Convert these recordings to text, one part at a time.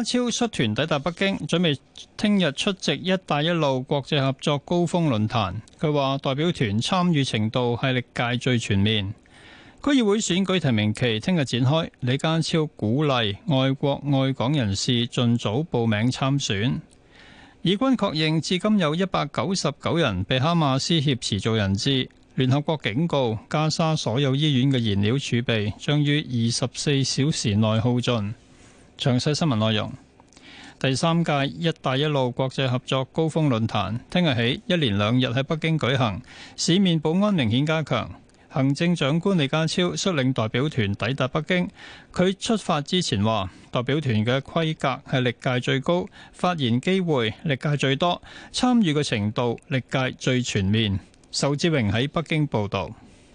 李家超出團抵達北京，準備聽日出席“一帶一路”國際合作高峰論壇。佢話代表團參與程度係歷屆最全面。區議會選舉提名期聽日展開，李家超鼓勵愛國愛港人士盡早報名參選。以軍確認至今有一百九十九人被哈馬斯挾持做人質。聯合國警告加沙所有醫院嘅燃料儲備將於二十四小時內耗盡。詳細新聞內容。第三屆“一帶一路”國際合作高峰論壇聽日起一連兩日喺北京舉行，市面保安明顯加強。行政長官李家超率領代表團抵達北京，佢出發之前話：代表團嘅規格係歷屆最高，發言機會歷屆最多，參與嘅程度歷屆最全面。仇志榮喺北京報道。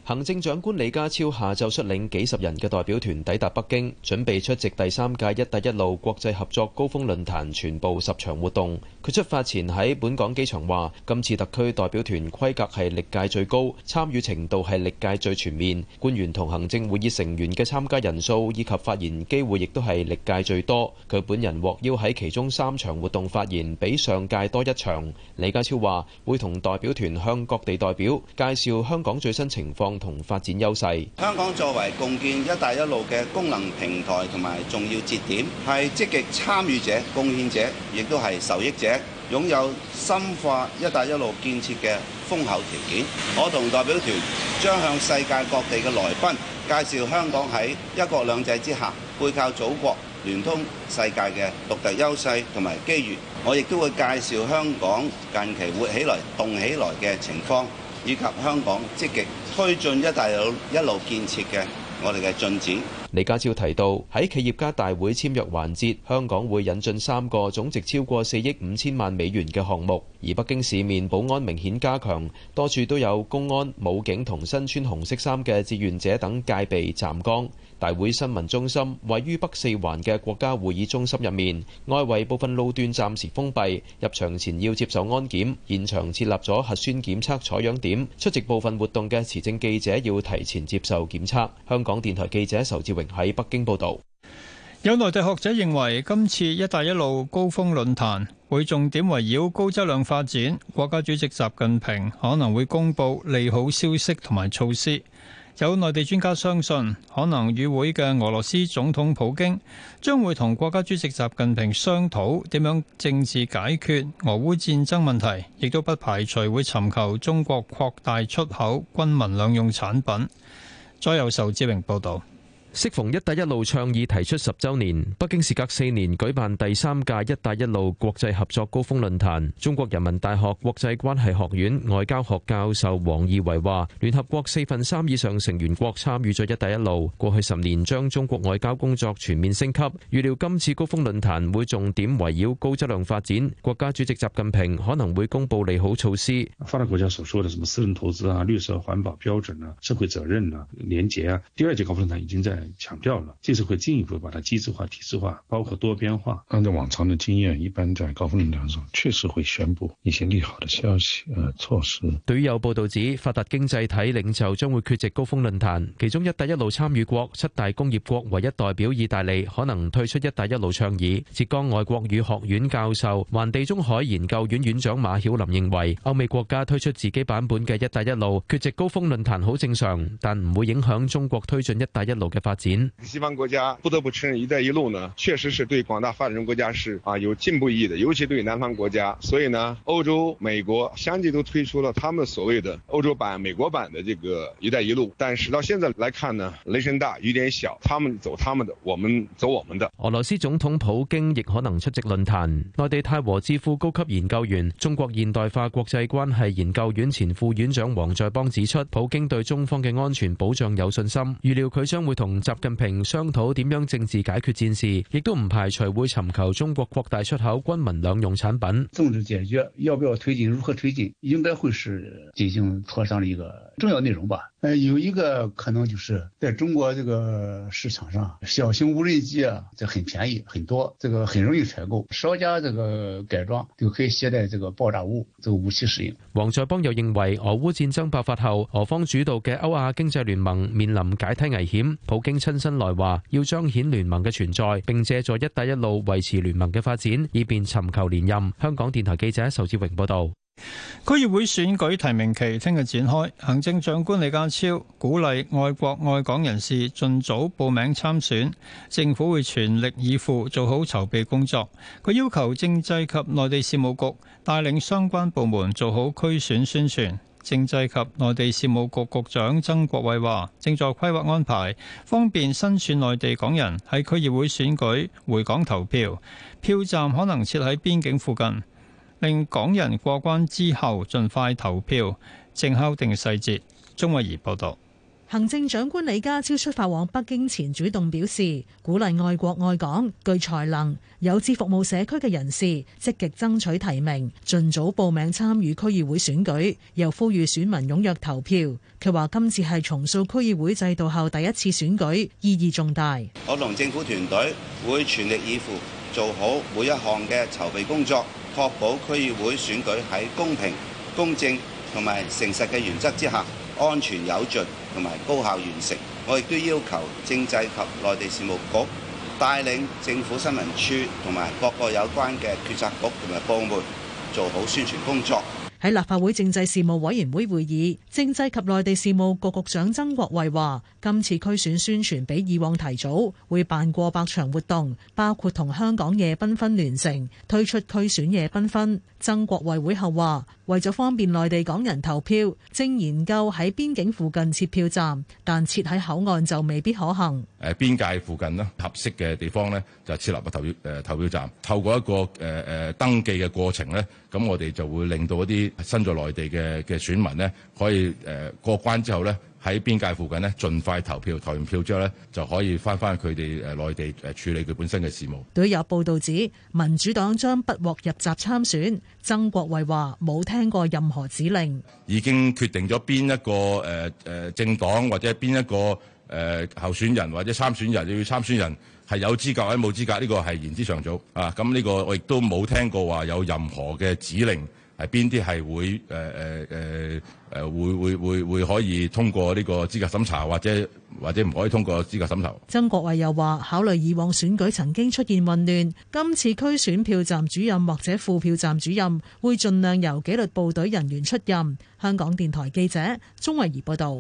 行政長官李家超下晝率領幾十人嘅代表團抵達北京，準備出席第三屆“一帶一路”國際合作高峰論壇全部十場活動。佢出發前喺本港機場話：今次特區代表團規格係歷屆最高，參與程度係歷屆最全面，官員同行政會議成員嘅參加人數以及發言機會亦都係歷屆最多。佢本人獲邀喺其中三場活動發言，比上屆多一場。李家超話：會同代表團向各地代表介紹香港最新情況。同發展優勢，香港作為共建「一帶一路」嘅功能平台同埋重要節點，係積極參與者、貢獻者，亦都係受益者，擁有深化「一帶一路」建設嘅豐厚條件。我同代表團將向世界各地嘅來賓介紹香港喺一國兩制之下，背靠祖國、聯通世界嘅獨特優勢同埋機遇。我亦都會介紹香港近期活起來、動起來嘅情況。以及香港積極推進一帶一路建設嘅我哋嘅進展。李家超提到，喺企業家大會簽約環節，香港會引進三個總值超過四億五千萬美元嘅項目。而北京市面保安明顯加強，多處都有公安、武警同身穿紅色衫嘅志願者等戒備站崗。大會新聞中心位於北四環嘅國家會議中心入面，外圍部分路段暫時封閉，入場前要接受安檢。現場設立咗核酸檢測採樣點，出席部分活動嘅持證記者要提前接受檢測。香港電台記者仇志榮喺北京報道。有內地學者認為，今次“一帶一路”高峰論壇會重點圍繞高質量發展，國家主席習近平可能會公布利好消息同埋措施。有內地專家相信，可能與會嘅俄羅斯總統普京將會同國家主席習近平商討點樣政治解決俄烏戰爭問題，亦都不排除會尋求中國擴大出口軍民兩用產品。再有，仇志榮報導。適逢一帶一路倡議提出十周年強調了，這次會進一步把它機制化、體制化，包括多邊化。按照往常的經驗，一般在高峰論壇上，確實會宣布一些利好的消息、呃措施。對於有報道指，發達經濟體領袖將會缺席高峰論壇，其中“一帶一路”參與國七大工業國唯一代表意大利可能退出“一帶一路”倡議。浙江外國語學院教授、環地中海研究院院院長馬曉林認為，歐美國家推出自己版本嘅“一帶一路”，缺席高峰論壇好正常，但唔會影響中國推進“一帶一路”嘅發西方國家不得不承認，一帶一路呢確實是對廣大發展中國家是啊有進步意義的，尤其對南方國家。所以呢，歐洲、美國相繼都推出了他們所謂的歐洲版、美國版的這個一帶一路。但是到現在來看呢，雷聲大雨點小，他們走他們的，我們走我們的。俄羅斯總統普京亦可能出席論壇。內地泰和智庫高級研究員、中國現代化國際關係研究院前副院長王在邦指出，普京對中方嘅安全保障有信心，預料佢將會同。習近平商討點樣政治解決戰事，亦都唔排除會尋求中國擴大出口軍民兩用產品。政治解決要不要推進，如何推進，應該會是進行磋商的一個重要內容吧。呃，有一個可能就是在中國這個市場上，小型無人機啊，這很便宜，很多，這個很容易採購，稍加這個改裝就可以携帶這個爆炸物，這個武器使用。王在邦又認為，俄烏戰爭爆發後，俄方主導嘅歐亞經濟聯盟面臨解體危險。普京親身來華，要彰顯聯盟嘅存在，並借助“一帶一路”維持聯盟嘅發展，以便尋求連任。香港電台記者仇志榮報道。區議會選舉提名期聽日展開，行政長官李家超鼓勵愛國愛港人士盡早報名參選，政府會全力以赴做好籌備工作。佢要求政制及內地事務局帶領相關部門做好區選宣傳。政制及內地事務局局長曾國衛話：正在規劃安排，方便新選內地港人喺區議會選舉回港投票，票站可能設喺邊境附近。令港人過關之後盡快投票，正敲定細節。鍾慧儀報導。行政長官李家超出發往北京前主動表示，鼓勵愛國愛港、具才能、有志服務社區嘅人士積極爭取提名，盡早報名參與區議會選舉，又呼籲選民踴躍投票。佢話：今次係重塑區議會制度後第一次選舉，意義重大。我同政府團隊會全力以赴。做好每一項嘅籌備工作，確保區議會選舉喺公平、公正同埋誠實嘅原則之下，安全有序同埋高效完成。我亦都要求政制及內地事務局帶領政府新聞處同埋各個有關嘅決策局同埋部門做好宣傳工作。喺立法會政制事務委員會會議，政制及內地事務局局長曾國衛話：今次區選宣傳比以往提早，會辦過百場活動，包括同香港夜繽紛聯乘，推出區選夜繽紛。曾國衛會後話，為咗方便內地港人投票，正研究喺邊境附近設票站，但設喺口岸就未必可行。誒，邊界附近啦，合適嘅地方咧，就設立個投票，誒、投票站。透過一個誒誒、呃、登記嘅過程咧，咁我哋就會令到一啲身在內地嘅嘅選民咧，可以誒、呃、過關之後咧，喺邊界附近咧，盡快投票。投完票之後咧，就可以翻翻佢哋誒內地誒、呃、處理佢本身嘅事務。對於有報道指民主黨將不獲入閘參選，曾國衛話冇聽過任何指令，已經決定咗邊一個誒誒政黨或者邊一個。呃呃誒、呃、候選人或者參選人，你要參選人係有資格或者冇資格，呢個係言之尚早啊！咁呢個我亦都冇聽過話有任何嘅指令係邊啲係會誒誒誒誒會會會會可以通過呢個資格審查或，或者或者唔可以通過資格審查。曾國衛又話：考慮以往選舉曾經出現混亂，今次區選票站主任或者副票站主任會盡量由紀律部隊人員出任。香港電台記者鍾慧儀報道。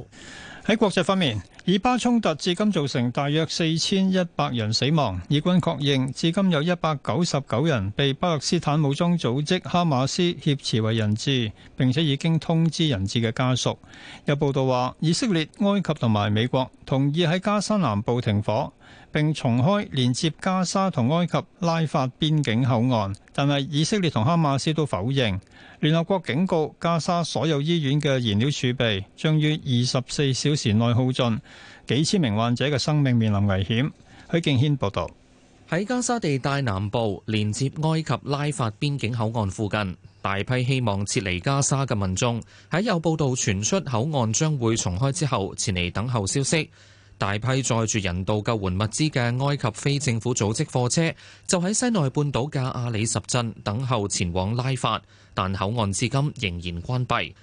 喺國際方面。以巴衝突至今造成大約四千一百人死亡，以軍確認至今有一百九十九人被巴勒斯坦武裝組織哈馬斯挾持為人質，並且已經通知人質嘅家屬。有報道話，以色列、埃及同埋美國同意喺加沙南部停火。並重開連接加沙同埃及拉法邊境口岸，但係以色列同哈馬斯都否認。聯合國警告，加沙所有醫院嘅燃料儲備將於二十四小時內耗盡，幾千名患者嘅生命面臨危險。許敬軒報道：喺加沙地帶南部連接埃及拉法邊境口岸附近，大批希望撤離加沙嘅民眾喺有報道傳出口岸將會重開之後，前嚟等候消息。大批載住人道救援物資嘅埃及非政府組織貨車就喺西奈半島嘅阿里什鎮等候前往拉法，但口岸至今仍然關閉。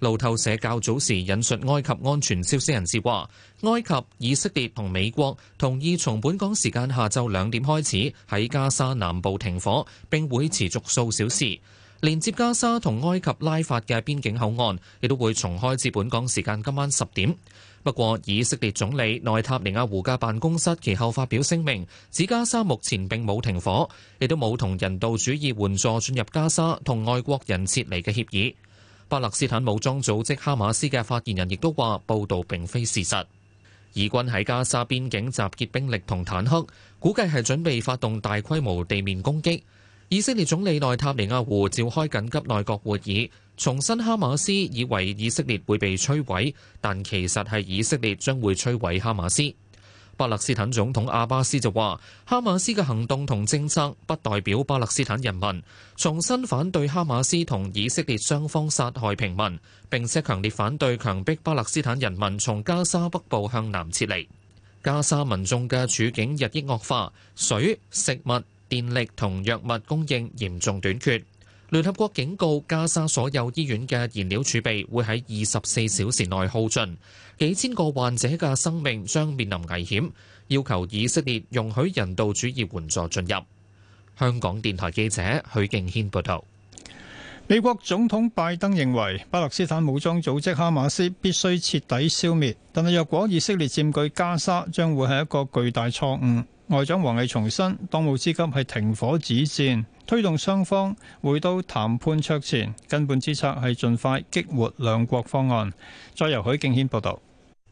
路透社較早時引述埃及安全消息人士話：埃及、以色列同美國同意從本港時間下晝兩點開始喺加沙南部停火，並會持續數小時。連接加沙同埃及拉法嘅邊境口岸亦都會重開至本港時間今晚十點。不過，以色列總理內塔尼亞胡嘅辦公室其後發表聲明，指加沙目前並冇停火，亦都冇同人道主義援助進入加沙同外國人撤離嘅協議。巴勒斯坦武裝組織哈馬斯嘅發言人亦都話：報道並非事實。以軍喺加沙邊境集結兵力同坦克，估計係準備發動大規模地面攻擊。以色列總理內塔尼亞胡召開緊急內閣會議。重申哈馬斯以為以色列會被摧毀，但其實係以色列將會摧毀哈馬斯。巴勒斯坦總統阿巴斯就話，哈馬斯嘅行動同政策不代表巴勒斯坦人民。重申反對哈馬斯同以色列雙方殺害平民，並且強烈反對強迫巴勒斯坦人民從加沙北部向南撤離。加沙民眾嘅處境日益惡化，水、食物、電力同藥物供應嚴重短缺。聯合國警告加沙所有醫院嘅燃料儲備會喺二十四小時內耗盡，幾千個患者嘅生命將面臨危險，要求以色列容許人道主義援助進入。香港電台記者許敬軒報道。美國總統拜登認為巴勒斯坦武裝組織哈馬斯必須徹底消滅，但係若果以色列佔據加沙，將會係一個巨大錯誤。外長王毅重申，當務之急係停火止戰，推動雙方回到談判桌前；根本之策係盡快激活兩國方案。再由許敬軒報道。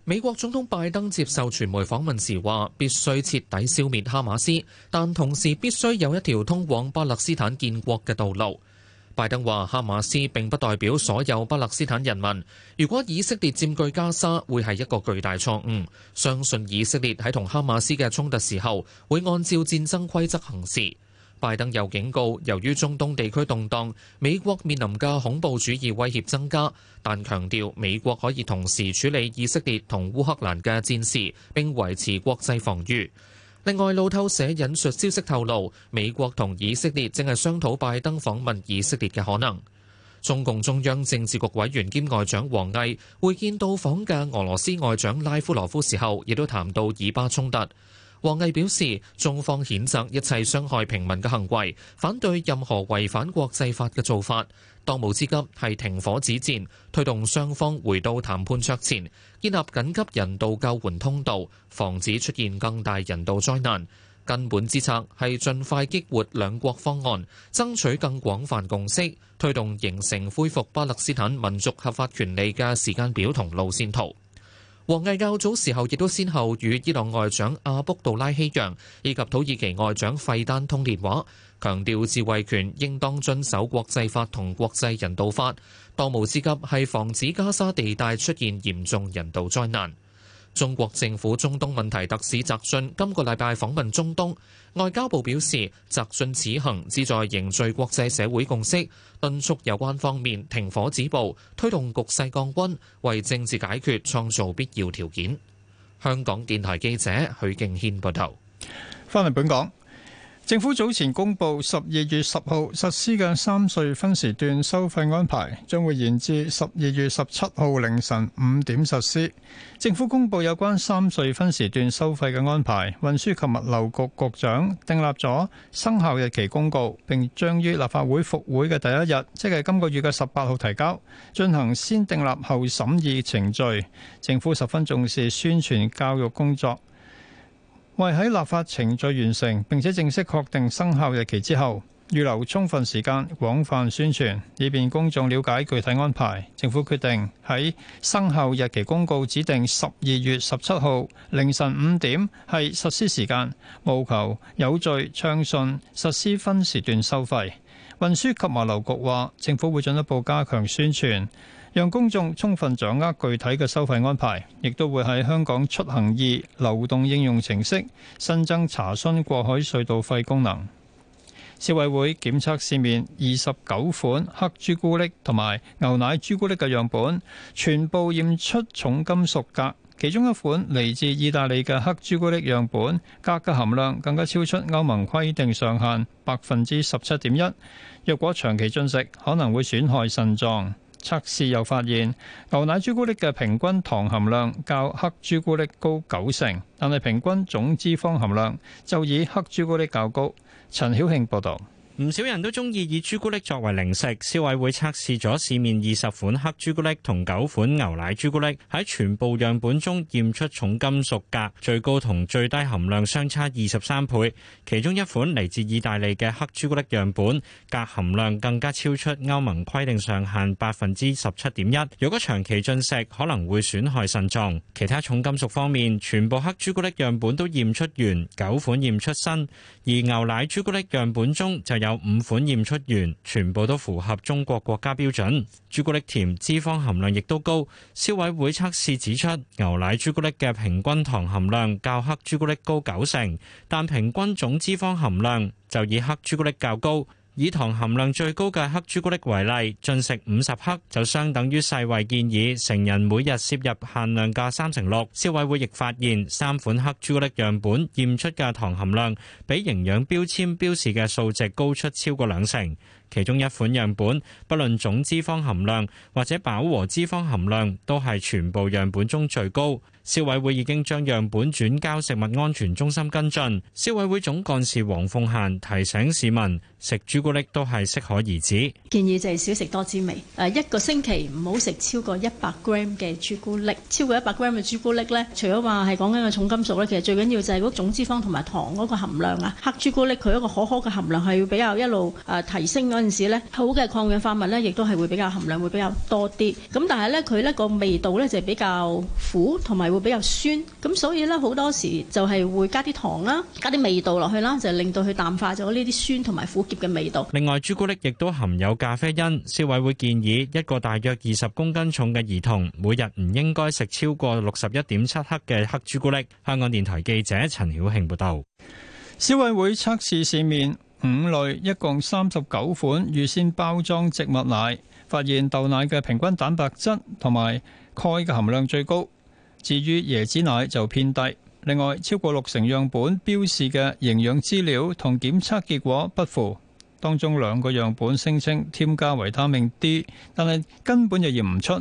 美國總統拜登接受傳媒訪問時話：必須徹底消滅哈馬斯，但同時必須有一條通往巴勒斯坦建國嘅道路。拜登話：哈馬斯並不代表所有巴勒斯坦人民。如果以色列佔據加沙，會係一個巨大錯誤。相信以色列喺同哈馬斯嘅衝突時候，會按照戰爭規則行事。拜登又警告，由於中東地區動盪，美國面臨嘅恐怖主義威脅增加，但強調美國可以同時處理以色列同烏克蘭嘅戰事，並維持國際防禦。另外，路透社引述消息透露，美國同以色列正係商討拜登訪問以色列嘅可能。中共中央政治局委員兼外長王毅會見到訪嘅俄羅斯外長拉夫羅夫時候，亦都談到以巴衝突。王毅表示，中方譴責一切傷害平民嘅行為，反對任何違反國際法嘅做法。當務之急係停火止戰，推動雙方回到談判桌前，建立緊急人道救援通道，防止出現更大人道災難。根本之策係盡快激活兩國方案，爭取更廣泛共識，推動形成恢復巴勒斯坦民族合法權利嘅時間表同路線圖。王毅較早時候亦都先後與伊朗外長阿卜杜拉希揚以及土耳其外長費丹通電話，強調自衞權應當遵守國際法同國際人道法，當務之急係防止加沙地帶出現嚴重人道災難。中國政府中東問題特使翟雋今個禮拜訪問中東。外交部表示，翟雋此行旨在凝聚國際社會共識，敦促有關方面停火止暴，推動局勢降溫，為政治解決創造必要條件。香港電台記者許敬軒報道。翻嚟本港。政府早前公布十二月十號實施嘅三隧分時段收費安排，將會延至十二月十七號凌晨五點實施。政府公布有關三隧分時段收費嘅安排，運輸及物流局局長訂立咗生效日期公告，並將於立法會復會嘅第一日，即係今個月嘅十八號提交，進行先訂立後審議程序。政府十分重視宣傳教育工作。為喺立法程序完成，並且正式確定生效日期之後，預留充分時間廣泛宣傳，以便公眾了解具體安排。政府決定喺生效日期公告指定十二月十七號凌晨五點係實施時間，務求有序暢順實施分時段收費。運輸及物流局話，政府會進一步加強宣傳。讓公眾充分掌握具體嘅收費安排，亦都會喺香港出行易流動應用程式新增查詢過海隧道費功能。消委會檢測市面二十九款黑朱古力同埋牛奶朱古力嘅樣本，全部驗出重金屬鎘。其中一款嚟自意大利嘅黑朱古力樣本，鎘嘅含量更加超出歐盟規定上限百分之十七點一。若果長期進食，可能會損害腎臟。測試又發現，牛奶朱古力嘅平均糖含量較黑朱古力高九成，但係平均總脂肪含量就以黑朱古力較高。陳曉慶報導。唔少人都中意以朱古力作為零食。消委會測試咗市面二十款黑朱古力同九款牛奶朱古力，喺全部樣本中驗出重金屬鎘，最高同最低含量相差二十三倍。其中一款嚟自意大利嘅黑朱古力樣本，鎘含量更加超出歐盟規定上限百分之十七點一。如果長期進食，可能會損害腎臟。其他重金屬方面，全部黑朱古力樣本都驗出鉛，九款驗出砷，而牛奶朱古力樣本中就有，有五款驗出完，全部都符合中國國家標準。朱古力甜，脂肪含量亦都高。消委會測試指出，牛奶朱古力嘅平均糖含量較黑朱古力高九成，但平均總脂肪含量就以黑朱古力較高。以糖含量最高嘅黑朱古力為例，進食五十克就相等於世衛建議成人每日攝入限量嘅三成六。消委會亦發現三款黑朱古力樣本驗出嘅糖含量比營養標籤標示嘅數值高出超過兩成，其中一款樣本，不論總脂肪含量或者飽和脂肪含量，都係全部樣本中最高。消委會已經將樣本轉交食物安全中心跟進。消委會總幹事黃鳳嫻提醒市民，食朱古力都係適可而止。建議就係少食多滋味。誒，一個星期唔好食超過一百 gram 嘅朱古力。超過一百 gram 嘅朱古力咧，除咗話係講緊個重金屬咧，其實最緊要就係嗰種脂肪同埋糖嗰個含量啊。黑朱古力佢一個可可嘅含量係會比較一路誒提升嗰陣時咧，好嘅抗氧化物咧，亦都係會比較含量會比較多啲。咁但係咧，佢呢個味道咧就係比較苦，同埋會。比較酸，咁所以咧好多時就係會加啲糖啦，加啲味道落去啦，就令到佢淡化咗呢啲酸同埋苦澀嘅味道。另外，朱古力亦都含有咖啡因。消委會建議一個大約二十公斤重嘅兒童，每日唔應該食超過六十一點七克嘅黑朱古力。香港電台記者陳曉慶報道。消委會測試市面五類一共三十九款預先包裝植物奶，發現豆奶嘅平均蛋白質同埋鈣嘅含量最高。至於椰子奶就偏低，另外超過六成樣本標示嘅營養資料同檢測結果不符，當中兩個樣本聲稱添加維他命 D，但係根本就驗唔出，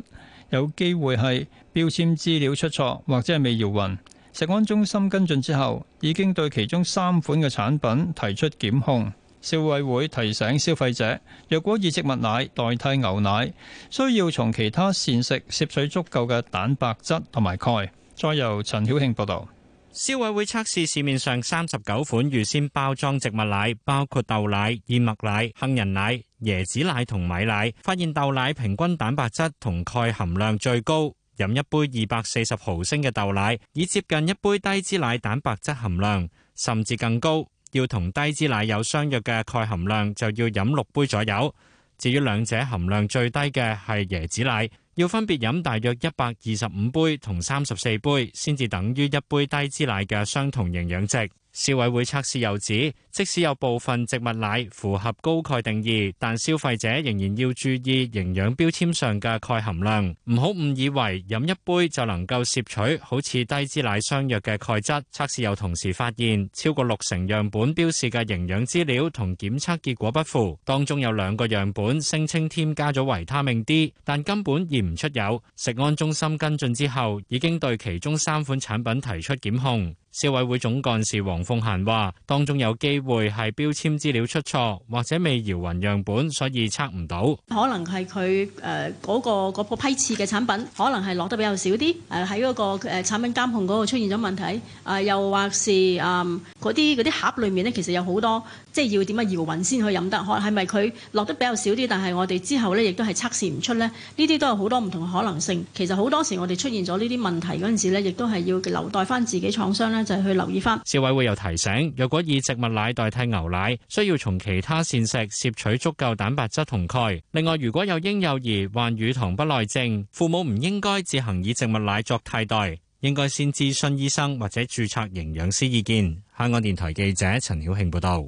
有機會係標籤資料出錯或者係未搖勻。食安中心跟進之後，已經對其中三款嘅產品提出檢控。消委會提醒消費者，若果以植物奶代替牛奶，需要從其他膳食攝取足夠嘅蛋白質同埋鈣。再由陳曉慶報導，消委會測試市面上三十九款預先包裝植物奶，包括豆奶、燕麥奶、杏仁奶、椰子奶同米奶，發現豆奶平均蛋白質同鈣含量最高，飲一杯二百四十毫升嘅豆奶，已接近一杯低脂奶蛋白質含量，甚至更高。要同低脂奶有相若嘅鈣含量，就要飲六杯左右。至於兩者含量最低嘅係椰子奶，要分別飲大約一百二十五杯同三十四杯，先至等於一杯低脂奶嘅相同營養值。消委會測試又指，即使有部分植物奶符合高鈣定義，但消費者仍然要注意營養標籤上嘅鈣含量，唔好誤以為飲一杯就能夠攝取好似低脂奶相若嘅鈣質。測試又同時發現，超過六成樣本標示嘅營養資料同檢測結果不符，當中有兩個樣本聲稱添加咗維他命 D，但根本驗唔出有。食安中心跟進之後，已經對其中三款產品提出檢控。消委會總幹事黃鳳嫻話：當中有機會係標籤資料出錯，或者未搖勻樣本，所以測唔到。可能係佢誒嗰個個批次嘅產品，可能係落得比較少啲。誒喺嗰個誒產品監控嗰度出現咗問題。啊，又或是啊嗰啲啲盒裏面咧，其實有好多即係要點樣搖勻先去飲得。可係咪佢落得比較少啲？但係我哋之後呢，亦都係測試唔出咧。呢啲都有好多唔同嘅可能性。其實好多時我哋出現咗呢啲問題嗰陣時咧，亦都係要留待翻自己廠商咧。就去留意翻。消委會又提醒，若果以植物奶代替牛奶，需要從其他膳食攝取足夠蛋白質同鈣，另外，如果有嬰幼兒患乳糖不耐症，父母唔應該自行以植物奶作替代，應該先諮詢醫生或者註冊營養師意見，香港電台記者陳曉慶報道。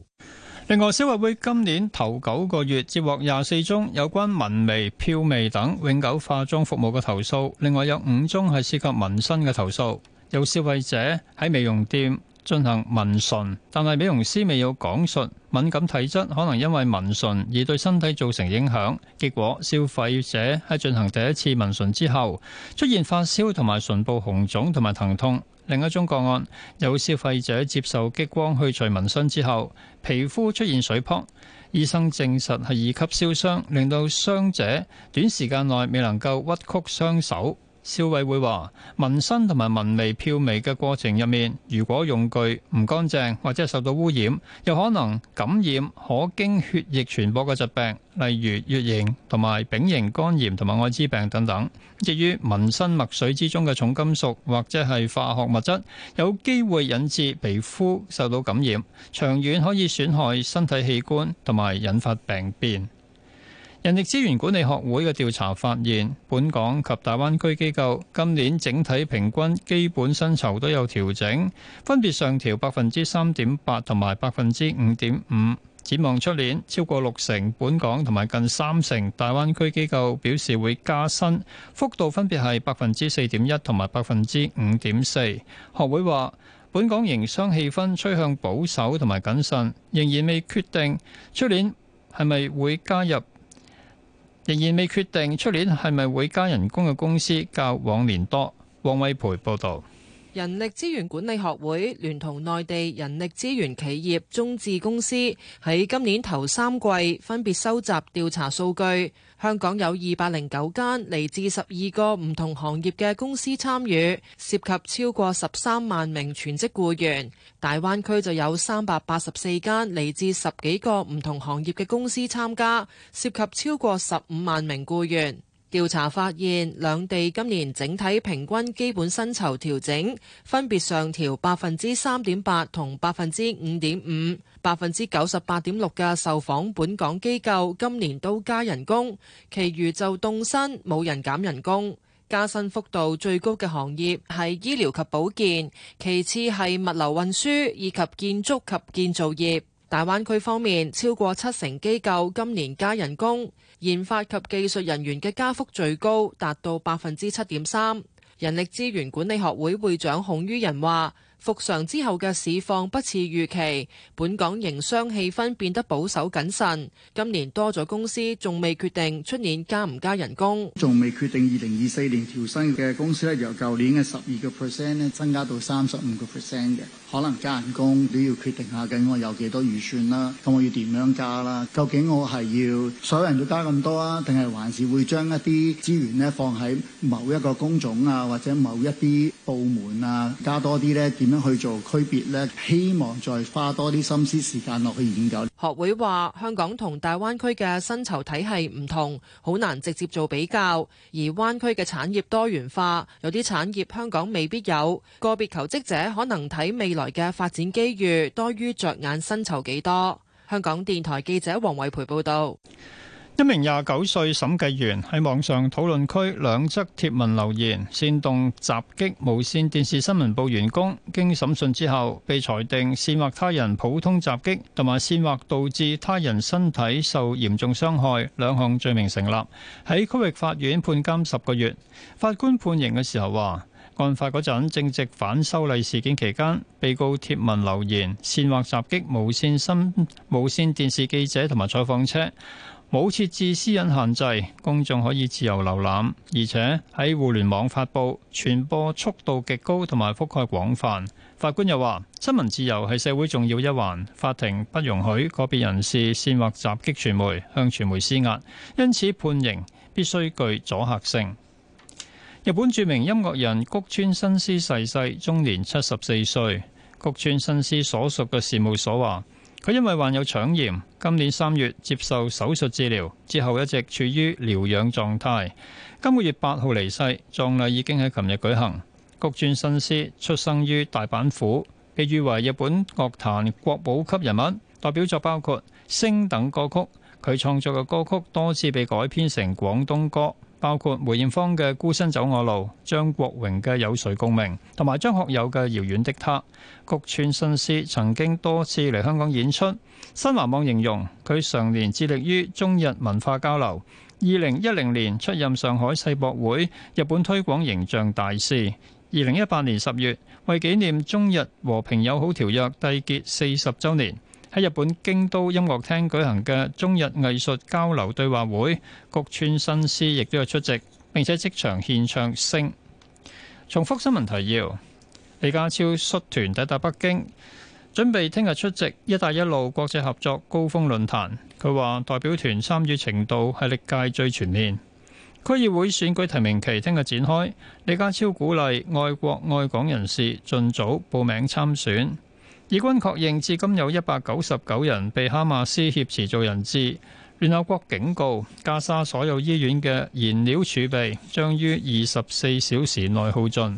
另外，消委會今年頭九個月接獲廿四宗有關紋眉、漂眉等永久化妝服務嘅投訴，另外有五宗係涉及民生嘅投訴。有消費者喺美容店進行紋唇，但係美容師未有講述敏感體質可能因為紋唇而對身體造成影響。結果消費者喺進行第一次紋唇之後，出現發燒同埋唇部紅腫同埋疼痛。另一宗個案，有消費者接受激光去除紋身之後，皮膚出現水泡，醫生證實係二級燒傷，令到傷者短時間內未能夠屈曲雙手。消委會話：紋身同埋紋眉漂眉嘅過程入面，如果用具唔乾淨或者受到污染，有可能感染可經血液傳播嘅疾病，例如乙型同埋丙型肝炎同埋愛滋病等等。至於紋身墨水之中嘅重金屬或者係化學物質，有機會引致皮膚受到感染，長遠可以損害身體器官同埋引發病變。人力資源管理學會嘅調查發現，本港及大灣區機構今年整體平均基本薪酬都有調整分別調，分別上調百分之三點八同埋百分之五點五。展望出年，超過六成本港同埋近三成大灣區機構表示會加薪，幅度分別係百分之四點一同埋百分之五點四。學會話，本港營商氣氛趨向保守同埋謹慎，仍然未決定出年係咪會加入。仍然未決定出年係咪會加人工嘅公司較往年多。黃偉培報導。人力資源管理學會聯同內地人力資源企業、中置公司喺今年頭三季分別收集調查數據。香港有二百零九間嚟自十二個唔同行業嘅公司參與，涉及超過十三萬名全職僱員。大灣區就有三百八十四間嚟自十幾個唔同行業嘅公司參加，涉及超過十五萬名僱員。調查發現，兩地今年整體平均基本薪酬調整分別上調百分之三點八同百分之五點五，百分之九十八點六嘅受訪本港機構今年都加人工，其餘就凍薪，冇人減人工。加薪幅度最高嘅行業係醫療及保健，其次係物流運輸以及建築及建造業。大灣區方面，超過七成機構今年加人工。研發及技術人員嘅加幅最高達到百分之七點三。人力資源管理學會會長孔于人話，復常之後嘅市況不似預期，本港營商氣氛變得保守謹慎。今年多咗公司仲未決定出年加唔加人工，仲未決定二零二四年調薪嘅公司咧，由舊年嘅十二個 percent 咧增加到三十五個 percent 嘅。可能加人工都要決定下緊，我有幾多預算啦？咁我要點樣加啦？究竟我係要所有人都加咁多啊？定係還是會將一啲資源咧放喺某一個工種啊，或者某一啲部門啊加多啲咧？點樣去做區別咧？希望再花多啲心思時間落去研究。學會話香港同大灣區嘅薪酬體系唔同，好難直接做比較，而灣區嘅產業多元化，有啲產業香港未必有。個別求職者可能睇未來。台嘅發展機遇多於着眼薪酬幾多？香港電台記者黃偉培報道，一名廿九歲審計員喺網上討論區兩則貼文留言煽動襲擊無線電視新聞部員工，經審訊之後被裁定煽惑他人普通襲擊同埋煽惑導致他人身體受嚴重傷害兩項罪名成立，喺區域法院判監十個月。法官判刑嘅時候話。案發嗰陣，正值反修例事件期間，被告貼文留言煽惑襲擊無線新無線電視記者同埋採訪車，冇設置私隱限制，公眾可以自由瀏覽，而且喺互聯網發布，傳播速度極高同埋覆蓋廣泛。法官又話：新聞自由係社會重要一環，法庭不容許個別人士煽惑襲擊傳媒，向傳媒施壓，因此判刑必須具阻嚇性。日本著名音樂人谷村新司逝世，終年七十四歲。谷村新司所屬嘅事務所話：佢因為患有腸炎，今年三月接受手術治療，之後一直處於療養狀態。今個月八號離世，葬禮已經喺琴日舉行。谷村新司出生於大阪府，被譽為日本樂壇國寶級人物，代表作包括《星》等歌曲。佢創作嘅歌曲多次被改編成廣東歌。包括梅艷芳嘅《孤身走我路》，張國榮嘅《有誰共鳴》，同埋張學友嘅《遙遠的他》。谷村新司曾經多次嚟香港演出。新華網形容佢常年致力於中日文化交流。二零一零年出任上海世博會日本推廣形象大使。二零一八年十月為紀念中日和平友好條約締結四十周年。喺日本京都音樂廳舉行嘅中日藝術交流對話會，谷村新司亦都有出席，並且即場獻唱聲。重複新聞提要：李家超率團抵達北京，準備聽日出席一帶一路國際合作高峰論壇。佢話：代表團參與程度係歷屆最全面。區議會選舉提名期聽日展開，李家超鼓勵愛國愛港人士盡早報名參選。以軍確認至今有一百九十九人被哈馬斯挾持做人質。聯合國警告，加沙所有醫院嘅燃料儲備將於二十四小時內耗盡。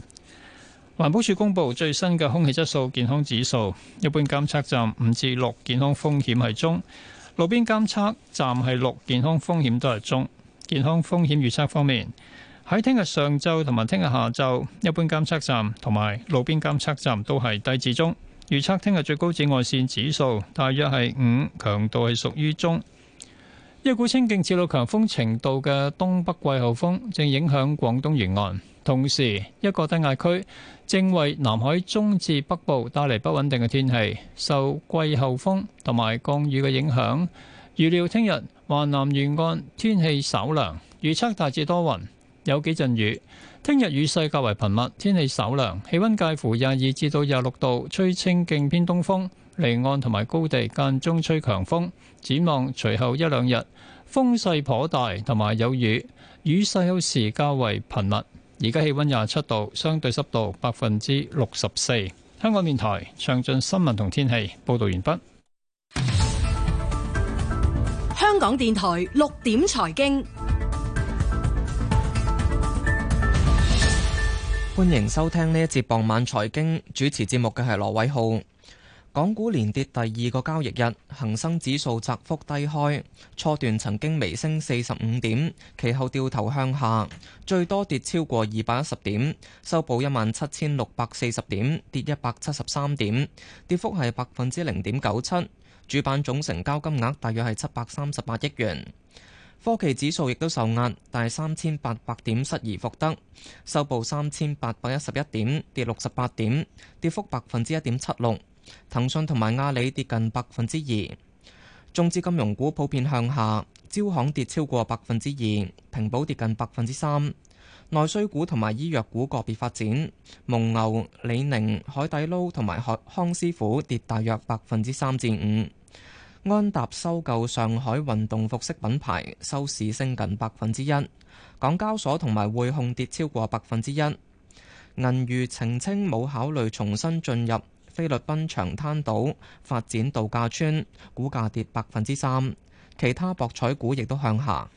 環保署公布最新嘅空氣質素健康指數，一般監測站五至六，健康風險係中；路邊監測站係六，健康風險都係中。健康風險預測方面，喺聽日上晝同埋聽日下晝，一般監測站同埋路邊監測站都係低至中。預測聽日最高紫外線指數大約係五，強度係屬於中。一股清勁至到強風程度嘅東北季候風正影響廣東沿岸，同時一個低壓區正為南海中至北部帶嚟不穩定嘅天氣。受季候風同埋降雨嘅影響，預料聽日華南沿岸天氣稍涼，預測大致多雲，有幾陣雨。聽日雨勢較為頻密，天氣稍涼，氣溫介乎廿二至到廿六度，吹清勁偏東風，離岸同埋高地間中吹強風。展望隨後一兩日風勢頗大，同埋有雨，雨勢有時較為頻密。而家氣溫廿七度，相對濕度百分之六十四。香港電台詳盡新聞同天氣報道完畢。香港電台六點財經。歡迎收聽呢一節傍晚財經，主持節目嘅係羅偉浩。港股連跌第二個交易日，恒生指數窄幅低開，初段曾經微升四十五點，其後掉頭向下，最多跌超過二百一十點，收報一萬七千六百四十點，跌一百七十三點，跌幅係百分之零點九七。主板總成交金額大約係七百三十八億元。科技指數亦都受壓，大三千八百點失而復得，收報三千八百一十一點，跌六十八點，跌幅百分之一點七六。騰訊同埋阿里跌近百分之二。中資金融股普遍向下，招行跌超過百分之二，平保跌近百分之三。內需股同埋醫藥股個別發展，蒙牛、李寧、海底撈同埋康康師傅跌大約百分之三至五。安踏收購上海運動服飾品牌，收市升近百分之一。港交所同埋匯控跌超過百分之一。銀娛澄清冇考慮重新進入菲律賓長灘島，發展度假村，股價跌百分之三。其他博彩股亦都向下。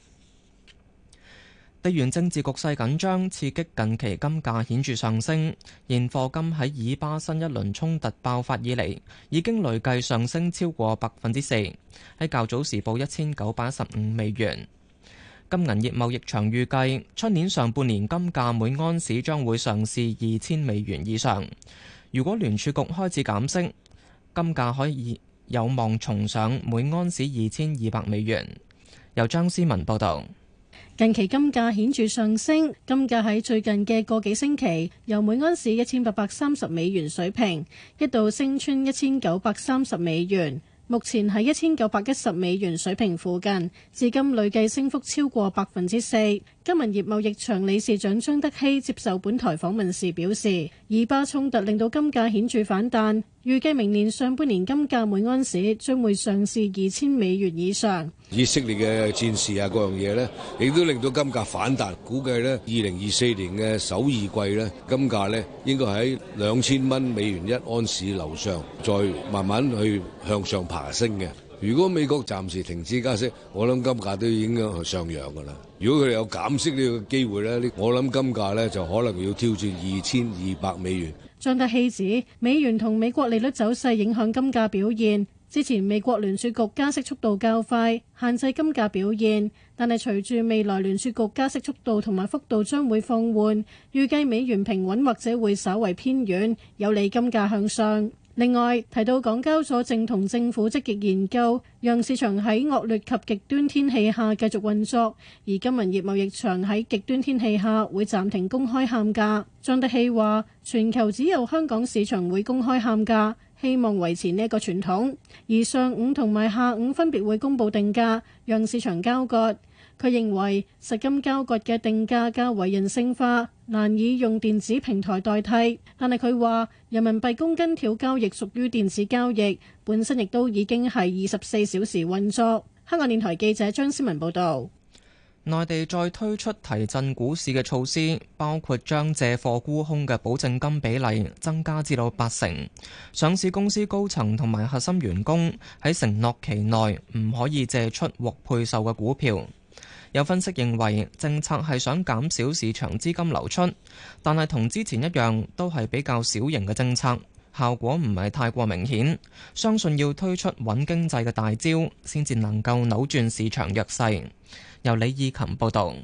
美元政治局勢緊張，刺激近期金價顯著上升。現貨金喺以巴新一輪衝突爆發以嚟，已經累計上升超過百分之四。喺較早時報一千九百一十五美元。金銀業貿易場預計，出年上半年金價每安士將會上試二千美元以上。如果聯儲局開始減息，金價可以有望重上每安士二千二百美元。由張思文報導。近期金價顯著上升，金價喺最近嘅個幾星期由每安士一千八百三十美元水平一度升穿一千九百三十美元，目前喺一千九百一十美元水平附近，至今累計升幅超過百分之四。金銀業貿易場理事長張德熙接受本台訪問時表示，以巴衝突令到金價顯著反彈。預計明年上半年金價每盎司將會上試二千美元以上。以色列嘅戰事啊，各樣嘢呢，亦都令到金價反彈。估計呢，二零二四年嘅首二季呢，金價呢應該喺兩千蚊美元一盎司樓上，再慢慢去向上爬升嘅。如果美國暫時停止加息，我諗金價都應該係上揚㗎啦。如果佢哋有減息呢個機會呢，我諗金價呢就可能要挑戰二千二百美元。張德喜指，美元同美國利率走勢影響金價表現。之前美國聯儲局加息速度較快，限制金價表現，但係隨住未來聯儲局加息速度同埋幅度將會放緩預計美元平穩或者會稍為偏軟，有利金價向上。另外提到，港交所正同政府積極研究，讓市場喺惡劣及極端天氣下繼續運作，而金銀業貿易場喺極端天氣下會暫停公開喊價。張德熙話：全球只有香港市場會公開喊價，希望維持呢一個傳統。而上午同埋下午分別會公布定價，讓市場交割。佢認為實金交割嘅定價較為人性化，難以用電子平台代替。但係佢話，人民幣公斤條交易屬於電子交易，本身亦都已經係二十四小時運作。香港電台記者張思文報導，內地再推出提振股市嘅措施，包括將借貨沽空嘅保證金比例增加至到八成，上市公司高層同埋核心員工喺承諾期內唔可以借出獲配售嘅股票。有分析認為，政策係想減少市場資金流出，但係同之前一樣，都係比較小型嘅政策，效果唔係太過明顯。相信要推出穩經濟嘅大招，先至能夠扭轉市場弱勢。由李義琴報導。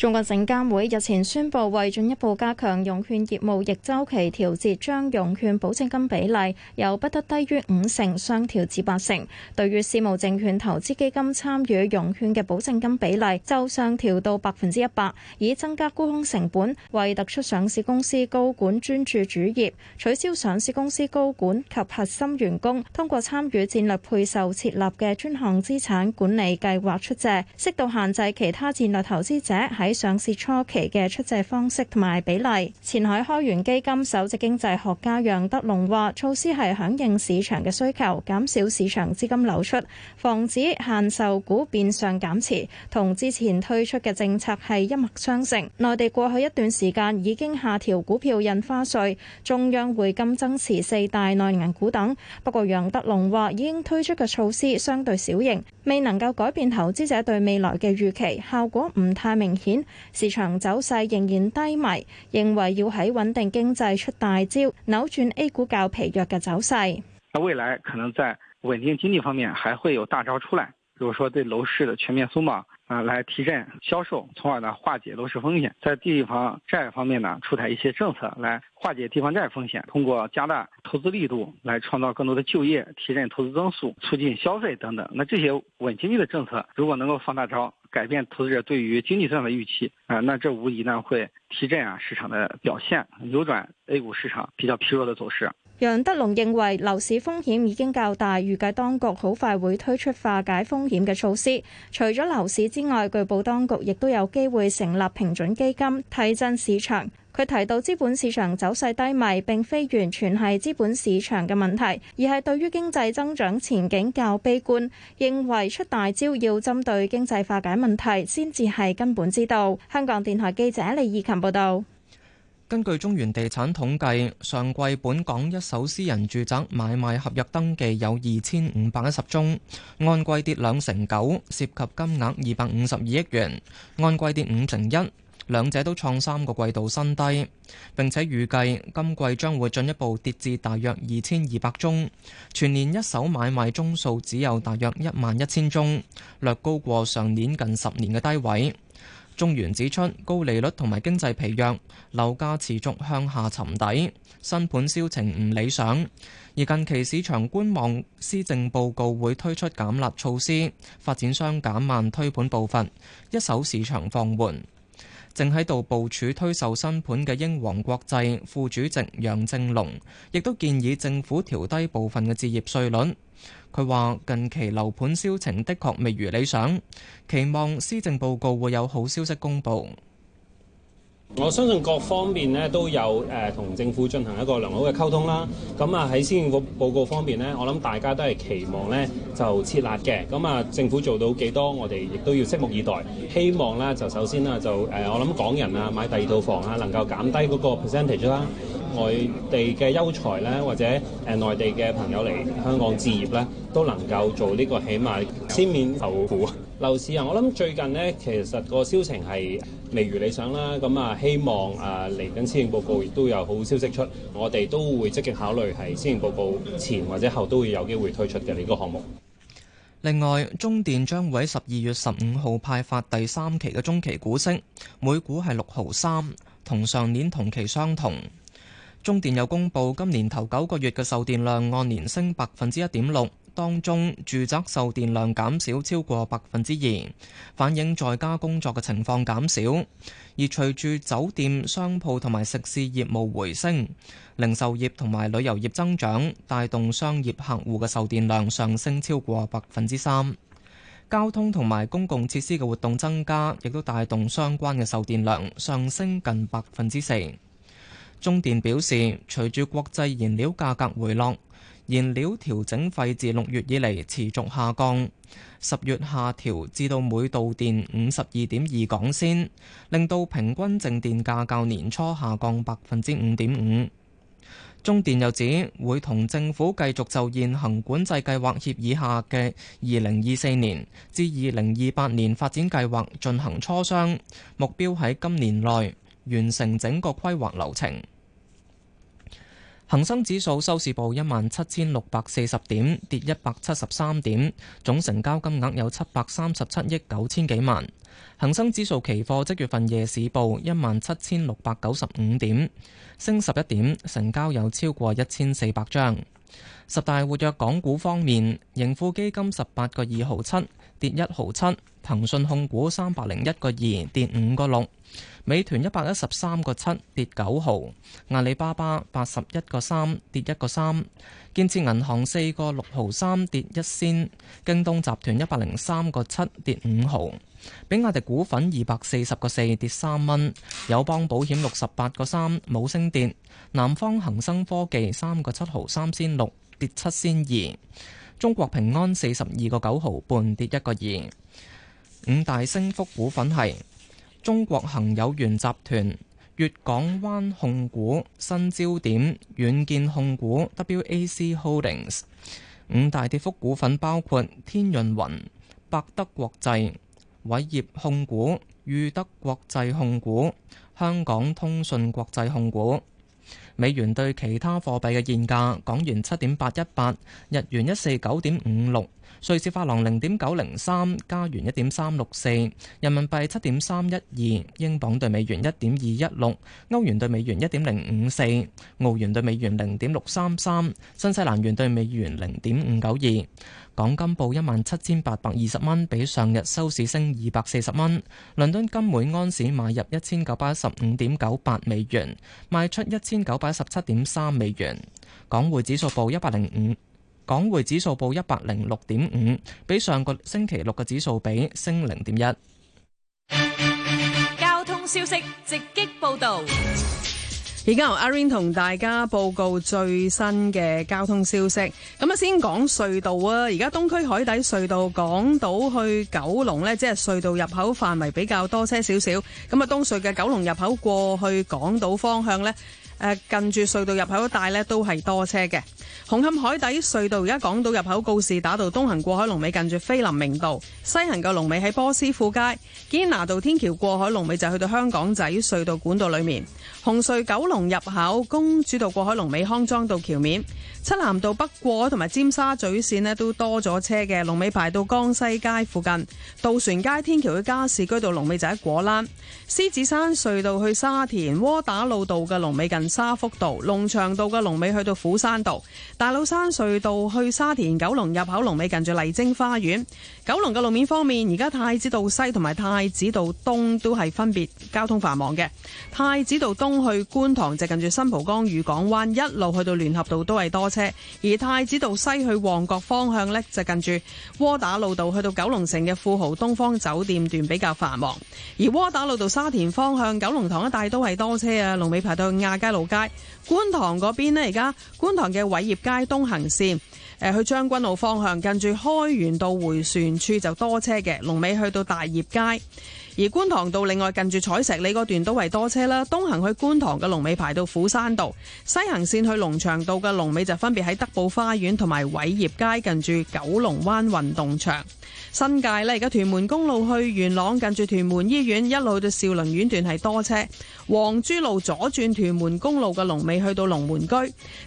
中國證監會日前宣布，為進一步加強融券業務逆週期調節，將融券保證金比例由不得低於五成，上調至八成；對於私募證券投資基金參與融券嘅保證金比例，就上調到百分之一百，以增加沽空成本。為突出上市公司高管專注主業，取消上市公司高管及核心員工通過參與戰略配售設立嘅專項資產管理計劃出借，適度限制其他戰略投資者喺上市初期嘅出借方式同埋比例。前海開源基金首席經濟學家楊德龍話，措施係響應市場嘅需求，減少市場資金流出，防止限售股變相減持，同之前推出嘅政策係一脈相承。內地過去一段時間已經下調股票印花稅，中央匯金增持四大內銀股等。不過楊德龍話已經推出嘅措施相對小型，未能夠改變投資者對未來嘅預期，效果唔太明顯。市場走勢仍然低迷，認為要喺穩定經濟出大招，扭轉 A 股較疲弱嘅走勢。未來可能在穩定經濟方面還會有大招出來，如果說對樓市的全面鬆綁啊，來提振銷售，從而呢化解樓市風險；在地方債方面呢，出台一些政策來化解地方債風險，通過加大投資力度來創造更多的就業，提振投資增速，促進消費等等。那這些穩經濟的政策，如果能夠放大招。改變投資者對於經濟上的預期啊，呃，那這無疑呢會提振啊市場的表現，扭轉 A 股市場比較疲弱的走勢。楊德龍認為樓市風險已經較大，預計當局好快會推出化解風險嘅措施。除咗樓市之外，據報當局亦都有機會成立平準基金，提振市場。佢提到資本市場走勢低迷，並非完全係資本市場嘅問題，而係對於經濟增長前景較悲觀。認為出大招要針對經濟化解問題，先至係根本之道。香港電台記者李義琴報道。根據中原地產統計，上季本港一手私人住宅買賣合約登記有二千五百一十宗，按季跌兩成九，涉及金額二百五十二億元，按季跌五成一，兩者都創三個季度新低。並且預計今季將會進一步跌至大約二千二百宗，全年一手買賣宗數只有大約一萬一千宗，略高過上年近十年嘅低位。中原指出，高利率同埋經濟疲弱，樓價持續向下沉底，新盤銷情唔理想。而近期市場觀望，施政報告會推出減辣措施，發展商減慢推盤步伐，一手市場放緩。正喺度部署推售新盤嘅英皇國際副主席楊正龍亦都建議政府調低部分嘅置業稅率。佢話近期樓盤銷情的確未如理想，期望施政報告會有好消息公布。我相信各方面咧都有誒同、呃、政府進行一個良好嘅溝通啦。咁、嗯、啊喺施政報告方面咧，我諗大家都係期望咧就設立嘅。咁、嗯、啊，政府做到幾多，我哋亦都要拭目以待。希望咧就首先啦就誒、呃，我諗港人啊買第二套房啊能夠減低嗰個 percentage 啦。外地嘅優才咧或者誒內、呃、地嘅朋友嚟香港置業咧，都能夠做呢、這個起碼先面後樓市啊，我諗最近呢，其實個銷情係未如理想啦。咁、嗯、啊，希望啊嚟緊施政報告亦都有好消息出，我哋都會積極考慮係施政報告前或者後都會有機會推出嘅呢、這個項目。另外，中電將會喺十二月十五號派發第三期嘅中期股息，每股係六毫三，同上年同期相同。中電又公布今年頭九個月嘅售電量按年升百分之一點六。當中住宅售電量減少超過百分之二，反映在家工作嘅情況減少；而隨住酒店、商鋪同埋食肆業務回升，零售業同埋旅遊業增長，帶動商業客戶嘅售電量上升超過百分之三。交通同埋公共設施嘅活動增加，亦都帶動相關嘅售電量上升近百分之四。中電表示，隨住國際燃料價格回落。燃料調整費自六月以嚟持續下降，十月下調至到每度電五十二點二港仙，令到平均淨電價較年初下降百分之五點五。中電又指會同政府繼續就現行管制計劃協議下嘅二零二四年至二零二八年發展計劃進行磋商，目標喺今年內完成整個規劃流程。恒生指數收市報一萬七千六百四十點，跌一百七十三點，總成交金額有七百三十七億九千幾萬。恒生指數期貨即月份夜市報一萬七千六百九十五點，升十一點，成交有超過一千四百張。十大活躍港股方面，盈富基金十八個二毫七，跌一毫七。騰訊控股三百零一個二跌五個六，美團一百一十三個七跌九毫，阿里巴巴八十一個三跌一個三，建設銀行四個六毫三跌一仙，京東集團一百零三個七跌五毫，比亞迪股份二百四十個四跌三蚊，友邦保險六十八個三冇升跌，南方恒生科技三個七毫三仙六跌七仙二，中國平安四十二個九毫半跌一個二。五大升幅股份係中國恒有源集團、粵港灣控股、新焦點、軟件控股、WAC Holdings。五大跌幅股份包括天潤雲、百德國際、偉業控股、裕德國際控股、香港通訊國際控股。美元對其他貨幣嘅現價：港元七點八一八，日元一四九點五六。瑞士法郎零點九零三，加元一點三六四，人民幣七點三一二，英鎊對美元一點二一六，歐元對美元一點零五四，澳元對美元零點六三三，新西蘭元對美元零點五九二。港金報一萬七千八百二十蚊，比上日收市升二百四十蚊。倫敦金每安士買入一千九百一十五點九八美元，賣出一千九百一十七點三美元。港匯指數報一百零五。港匯指數報106.5，比上個星期六嘅指數比升0.1。交通消息直擊報道，而家由阿 Rain 紅磡海底隧道而家港島入口告士打道東行過海龍尾近住菲林明道，西行嘅龍尾喺波斯富街，堅拿道天橋過海龍尾就去到香港仔隧道管道裏面。紅隧九龍入口公主道過海龍尾康莊道橋面，漆咸道北過同埋尖沙咀線咧都多咗車嘅龍尾排到江西街附近，渡船街天橋嘅加士居道龍尾就喺果欄，獅子山隧道去沙田窩打老道嘅龍尾近沙福道，龍翔道嘅龍尾去到斧山道。大老山隧道去沙田，九龍入口龍尾近住麗晶花園。九龍嘅路面方面，而家太子道西同埋太子道東都係分別交通繁忙嘅。太子道東去觀塘就近住新蒲崗愉港灣，一路去到聯合道都係多車。而太子道西去旺角方向呢，就近住窩打老道去到九龍城嘅富豪東方酒店段比較繁忙。而窩打老道沙田方向九龍塘一帶都係多車啊，龍尾排到亞皆老街。觀塘嗰邊呢，而家觀塘嘅偉業街東行線。誒去將軍澳方向，近住開源道回旋處就多車嘅龍尾去到大業街，而觀塘道另外近住彩石里嗰段都係多車啦。東行去觀塘嘅龍尾排到虎山道，西行線去龍翔道嘅龍尾就分別喺德寶花園同埋偉業街近住九龍灣運動場。新界呢，而家屯門公路去元朗，近住屯門醫院一路去到兆麟苑段係多車。黃珠路左轉屯門公路嘅龍尾去到龍門居，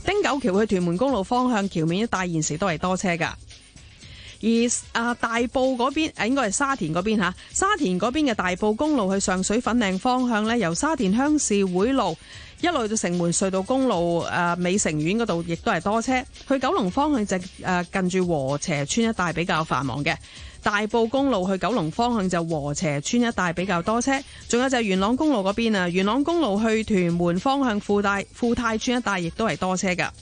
汀九橋去屯門公路方向橋面一帶。時都係多車噶而啊大埔嗰邊，誒，應該係沙田嗰邊吓，沙田嗰邊嘅大埔公路去上水粉嶺方向咧，由沙田鄉事會路一路到城門隧道公路誒、啊、美城苑嗰度，亦都係多車。去九龍方向就誒、啊、近住禾輋村一帶比較繁忙嘅，大埔公路去九龍方向就禾輋村一帶比較多車。仲有就元朗公路嗰邊啊，元朗公路去屯門方向富大富泰村一帶，亦都係多車噶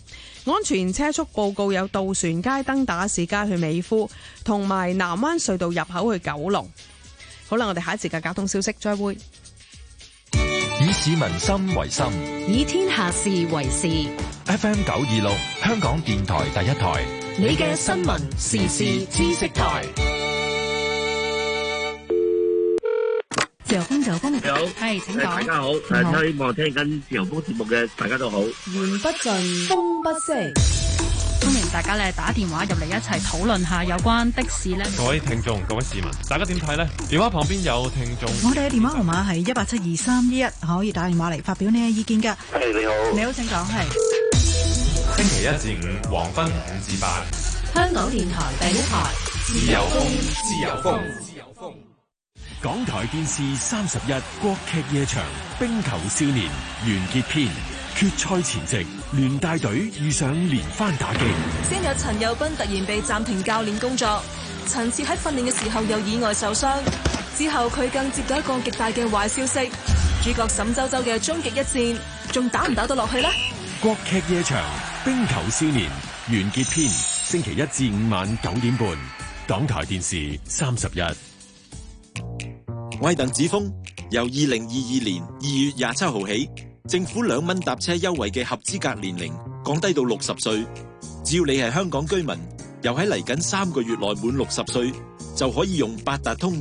安全車速報告有渡船街登打士街去美孚，同埋南灣隧道入口去九龍。好啦，我哋下一節嘅交通消息再會。以市民心為心，以天下事為事。FM 九二六，香港電台第一台，你嘅新聞時事知識台。自由風，自由風。你好，係大家好，係都希望聽緊自由風節目嘅，大家都好。好言不盡，風不息。歡迎大家咧打電話入嚟一齊討論下有關的士咧。各位聽眾，各位市民，大家點睇咧？電話旁邊有聽眾，我哋嘅電話號碼係一八七二三一一，可以打電話嚟發表你嘅意見噶。你好，你好，請講。係星期一至五黃昏五至八，香港電台第一台，自由風，自由風，自由風。港台電視三十一，國劇夜場，冰球少年完結篇，決賽前夕，聯大隊遇上連番打擊。先有陳友斌突然被暫停教練工作，陳志喺訓練嘅時候又意外受傷，之後佢更接到一個極大嘅壞消息。主角沈周周嘅終極一戰，仲打唔打得落去呢？國劇夜場，冰球少年完結篇，星期一至五晚九點半，港台電視三十一。我係鄧子峰，由二零二二年二月廿七號起，政府兩蚊搭車優惠嘅合資格年齡降低到六十歲。只要你係香港居民，又喺嚟緊三個月內滿六十歲，就可以用八達通。